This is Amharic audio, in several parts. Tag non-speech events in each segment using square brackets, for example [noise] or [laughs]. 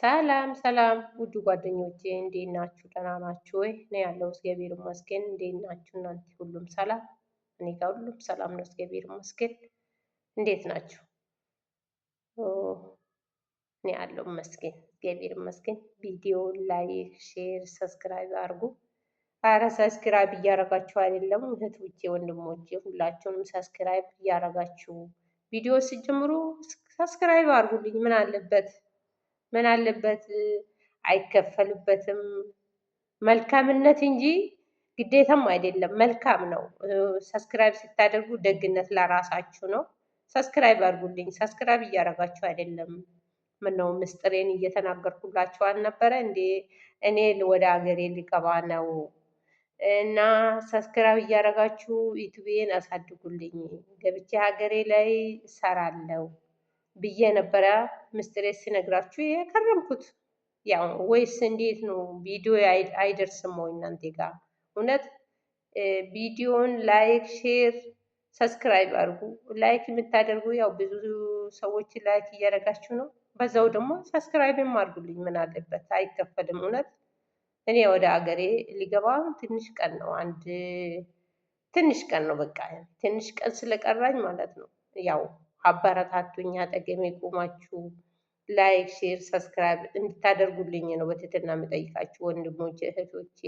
ሰላም ሰላም ውድ ጓደኞቼ እንዴት ናችሁ? ደህና ናችሁ ወይ? እኔ ያለው እግዚአብሔር ይመስገን። እንዴት ናችሁ እናንተ? ሁሉም ሰላም? እኔ ጋር ሁሉም ሰላም ነው፣ እግዚአብሔር ይመስገን። እንዴት ናችሁ? እኔ ያለው ይመስገን፣ እግዚአብሔር ይመስገን። ቪዲዮ ላይክ፣ ሼር፣ ሰብስክራይብ አድርጉ። አረ ሰብስክራይብ እያረጋችሁ አይደለም እህቶቼ፣ ወንድሞቼ ሁላችሁንም ሰብስክራይብ እያረጋችሁ ቪዲዮ ሲጀምሩ ሰብስክራይብ አድርጉልኝ። ምን አለበት ምን አለበት አይከፈልበትም። መልካምነት እንጂ ግዴታም አይደለም። መልካም ነው። ሰብስክራይብ ስታደርጉ ደግነት ለራሳችሁ ነው። ሰብስክራይብ አድርጉልኝ። ሰብስክራይብ እያደረጋችሁ አይደለም። ምነው ምስጢሬን እየተናገርኩላችሁ አልነበረ እንዴ? እኔ ወደ ሀገሬ ሊገባ ነው እና ሰብስክራይብ እያደረጋችሁ ዩቱቤን አሳድጉልኝ። ገብቼ ሀገሬ ላይ እሰራለሁ። ብዬ ነበረ ምስጢሬ ሲነግራችሁ የከረምኩት። ያው ወይስ እንዴት ነው? ቪዲዮ አይደርስም ወይ እናንተ ጋር? እውነት ቪዲዮን ላይክ፣ ሼር፣ ሰብስክራይብ አድርጉ። ላይክ የምታደርጉ ያው ብዙ ሰዎች ላይክ እያደረጋችሁ ነው። በዛው ደግሞ ሰብስክራይብም አድርጉልኝ። ምን አለበት አይከፈልም። እውነት እኔ ወደ ሀገሬ ሊገባ ትንሽ ቀን ነው፣ አንድ ትንሽ ቀን ነው። በቃ ትንሽ ቀን ስለቀራኝ ማለት ነው ያው አበረታቱኝ፣ አጠገሜ ቆማችሁ ላይክ፣ ሼር፣ ሰብስክራይብ እንድታደርጉልኝ ነው በትህትና የምጠይቃችሁ። ወንድሞቼ እህቶቼ፣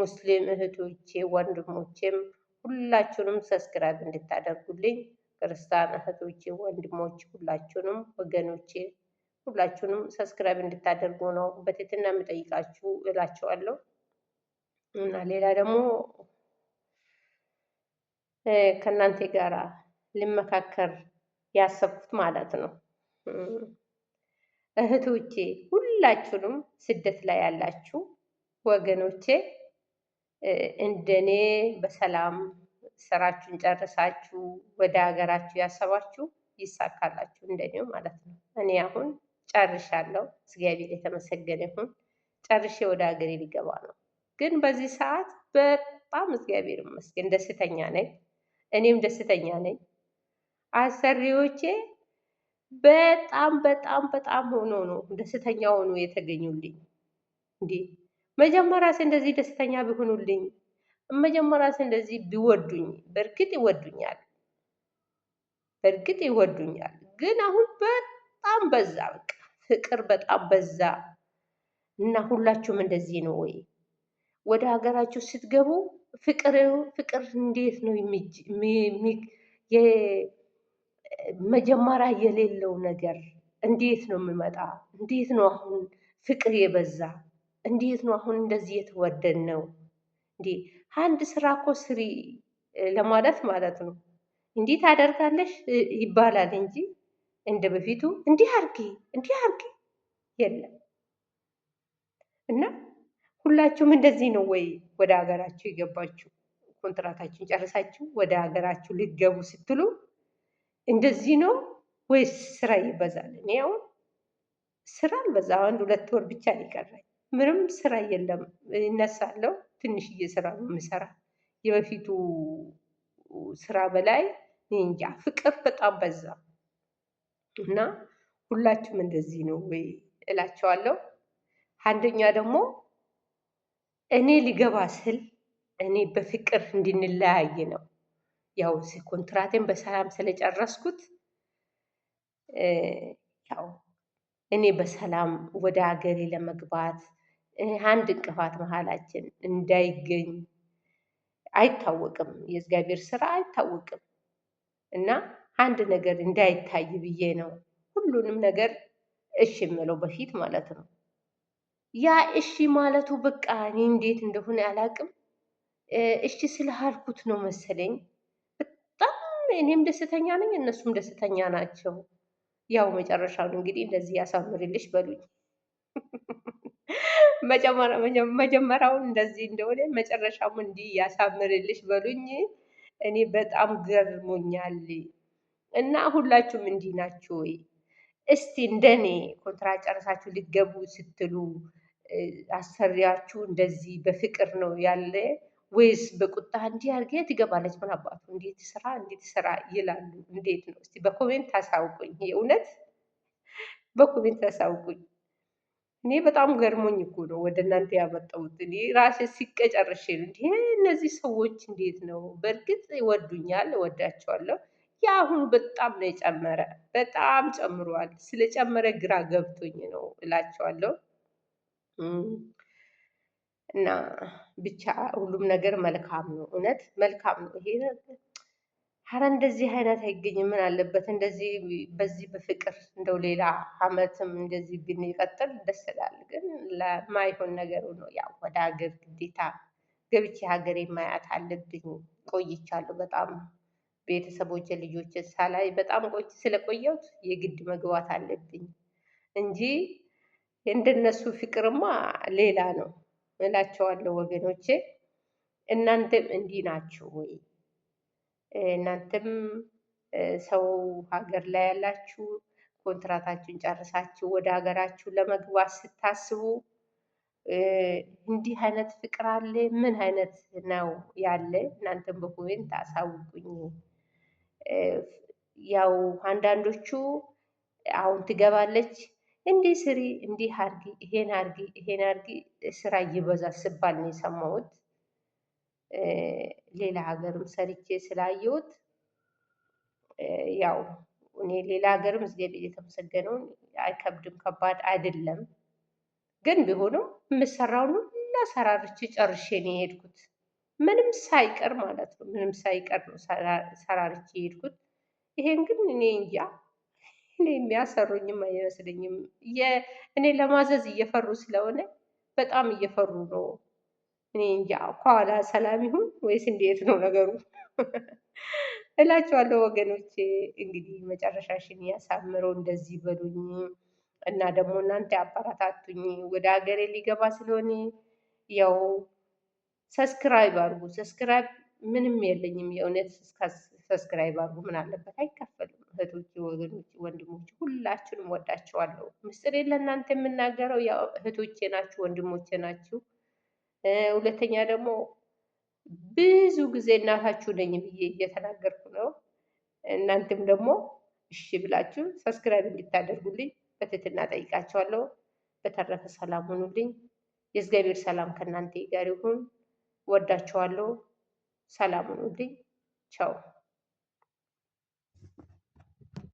ሙስሊም እህቶቼ ወንድሞቼም ሁላችሁንም ሰብስክራይብ እንድታደርጉልኝ፣ ክርስቲያን እህቶቼ ወንድሞቼ፣ ሁላችሁንም ወገኖቼ ሁላችሁንም ሰብስክራይብ እንድታደርጉ ነው በትህትና የምጠይቃችሁ እላችኋለሁ። እና ሌላ ደግሞ ከእናንተ ጋራ ልመካከር ያሰብኩት ማለት ነው። እህቶቼ ሁላችሁንም ስደት ላይ ያላችሁ ወገኖቼ እንደኔ በሰላም ስራችሁን ጨርሳችሁ ወደ ሀገራችሁ ያሰባችሁ ይሳካላችሁ፣ እንደኔው ማለት ነው። እኔ አሁን ጨርሻለሁ፣ እግዚአብሔር የተመሰገነ ይሁን። ጨርሼ ወደ ሀገሬ ሊገባ ነው። ግን በዚህ ሰዓት በጣም እግዚአብሔር ይመስገን ደስተኛ ነኝ፣ እኔም ደስተኛ ነኝ። አሰሪዎቼ በጣም በጣም በጣም ሆኖ ነው ደስተኛ ሆኖ የተገኙልኝ። እንዴ መጀመሪያስ እንደዚህ ደስተኛ ቢሆኑልኝ፣ ሴ እንደዚህ ቢወዱኝ። በእርግጥ ይወዱኛል፣ በእርግጥ ይወዱኛል። ግን አሁን በጣም በዛ፣ በቃ ፍቅር በጣም በዛ። እና ሁላችሁም እንደዚህ ነው ወይ? ወደ ሀገራችሁ ስትገቡ ፍቅር ፍቅር እንዴት ነው መጀመሪያ የሌለው ነገር እንዴት ነው የሚመጣ? እንዴት ነው አሁን ፍቅር የበዛ? እንዴት ነው አሁን እንደዚህ የተወደድ ነው እንዴ? አንድ ስራ እኮ ስሪ ለማለት ማለት ነው እንዴት አደርጋለሽ ይባላል እንጂ እንደ በፊቱ እንዲህ አርጊ እንዲህ አርጊ የለም። እና ሁላችሁም እንደዚህ ነው ወይ ወደ ሀገራችሁ የገባችሁ ኮንትራታችሁን ጨርሳችሁ ወደ ሀገራችሁ ልትገቡ ስትሉ እንደዚህ ነው ወይስ ስራ ይበዛል? እኔ አሁን ስራ በዛ አንድ ሁለት ወር ብቻ ይቀራል። ምንም ስራ የለም። እነሳለሁ፣ ትንሽዬ ስራ ነው የምሰራ። የበፊቱ ስራ በላይ እንጃ፣ ፍቅር በጣም በዛ እና ሁላችሁም እንደዚህ ነው ወይ እላቸዋለሁ። አንደኛ ደግሞ እኔ ሊገባ ስል እኔ በፍቅር እንድንለያይ ነው ያው ኮንትራቴን በሰላም ስለጨረስኩት ያው እኔ በሰላም ወደ ሀገሬ ለመግባት አንድ እንቅፋት መሀላችን እንዳይገኝ አይታወቅም፣ የእግዚአብሔር ስራ አይታወቅም እና አንድ ነገር እንዳይታይ ብዬ ነው ሁሉንም ነገር እሺ የምለው በፊት ማለት ነው። ያ እሺ ማለቱ በቃ እኔ እንዴት እንደሆነ አላውቅም። እሺ ስለሀልኩት ነው መሰለኝ እኔም ደስተኛ ነኝ፣ እነሱም ደስተኛ ናቸው። ያው መጨረሻውን እንግዲህ እንደዚህ ያሳምርልሽ በሉኝ። [laughs] መጀመሪያውን እንደዚህ እንደሆነ መጨረሻም እንዲህ ያሳምርልሽ በሉኝ። እኔ በጣም ገርሞኛል። እና ሁላችሁም እንዲህ ናችሁ ወይ? እስቲ እንደኔ ኮንትራት ጨርሳችሁ ልትገቡ ስትሉ አሰሪያችሁ እንደዚህ በፍቅር ነው ያለ ወይስ በቁጣ እንዲህ አድርጌ ትገባለች? ምን አባቱ እንዴት ስራ እንዴት ስራ ይላሉ። እንዴት ነው እስቲ በኮሜንት አሳውቁኝ። የእውነት በኮሜንት አሳውቁኝ። እኔ በጣም ገርሞኝ እኮ ነው ወደ እናንተ ያመጣሁት። እኔ ራሴ ሲቀጨርሽ ነው እንዲህ እነዚህ ሰዎች እንዴት ነው? በእርግጥ ይወዱኛል፣ እወዳቸዋለሁ። የአሁኑ በጣም ነው የጨመረ፣ በጣም ጨምሯል። ስለጨመረ ግራ ገብቶኝ ነው እላቸዋለሁ። እና ብቻ ሁሉም ነገር መልካም ነው። እውነት መልካም ነው። ይሄ ኧረ እንደዚህ አይነት አይገኝም። ምን አለበት እንደዚህ በዚህ በፍቅር እንደው ሌላ አመትም እንደዚህ ብንቀጥል ደስ ይላል። ግን ለማይሆን ነገሩ ነው። ያው ወደ ሀገር ግዴታ ገብቼ ሀገሬ ማያት አለብኝ። ቆይቻለሁ በጣም ቤተሰቦች ልጆች ሳላይ በጣም ቆይ ስለቆየሁት የግድ መግባት አለብኝ እንጂ እንደነሱ ፍቅርማ ሌላ ነው። እላቸዋለሁ ወገኖቼ። እናንተም እንዲህ ናችሁ ወይ? እናንተም ሰው ሀገር ላይ ያላችሁ ኮንትራታችሁን ጨርሳችሁ ወደ ሀገራችሁ ለመግባት ስታስቡ እንዲህ አይነት ፍቅር አለ? ምን አይነት ነው ያለ? እናንተም በኮሜንት አሳውቁኝ። ያው አንዳንዶቹ አሁን ትገባለች እንዲህ ስሪ፣ እንዲህ አርጊ፣ ይሄን አርጊ፣ ይሄን አርጊ ስራ ይበዛል ስባል ነው የሰማሁት። ሌላ ሀገርም ሰርቼ ስላየሁት ያው እኔ ሌላ ሀገርም እግዚአብሔር የተመሰገነውን አይከብድም፣ ከባድ አይደለም። ግን ቢሆንም የምሰራውን ሁላ ሰራርቼ ጨርሼ ነው የሄድኩት። ምንም ሳይቀር ማለት ነው፣ ምንም ሳይቀር ነው ሰራርቼ የሄድኩት። ይሄን ግን እኔ እንጃ እኔ የሚያሰሩኝም አይመስለኝም። እኔ ለማዘዝ እየፈሩ ስለሆነ በጣም እየፈሩ ነው። እኔ እንጃ ከኋላ ሰላም ይሁን ወይስ እንዴት ነው ነገሩ? እላቸዋለሁ ወገኖቼ። እንግዲህ መጨረሻሽን ያሳምረው፣ እንደዚህ በሉኝ እና ደግሞ እናንተ አበረታቱኝ። ወደ ሀገሬ ሊገባ ስለሆነ ያው ሰብስክራይብ አድርጉ። ሰብስክራይብ ምንም የለኝም የእውነት ሰብስክራይብ አድርጉ። ምን አለበት አይከፈልም። እህቶች፣ ወገኖች፣ ወንድሞች ሁላችሁንም ወዳችኋለሁ። ምስጢር ለእናንተ የምናገረው ያው እህቶቼ ናችሁ፣ ወንድሞቼ ናችሁ። ሁለተኛ ደግሞ ብዙ ጊዜ እናታችሁ ነኝ ብዬ እየተናገርኩ ነው። እናንተም ደግሞ እሺ ብላችሁ ሰብስክራይብ እንድታደርጉልኝ በትህትና ጠይቃችኋለሁ። በተረፈ ሰላም ሁኑልኝ። የእግዚአብሔር ሰላም ከእናንተ ጋር ይሁን። ወዳችኋለሁ። ሰላም ሁኑልኝ። ቻው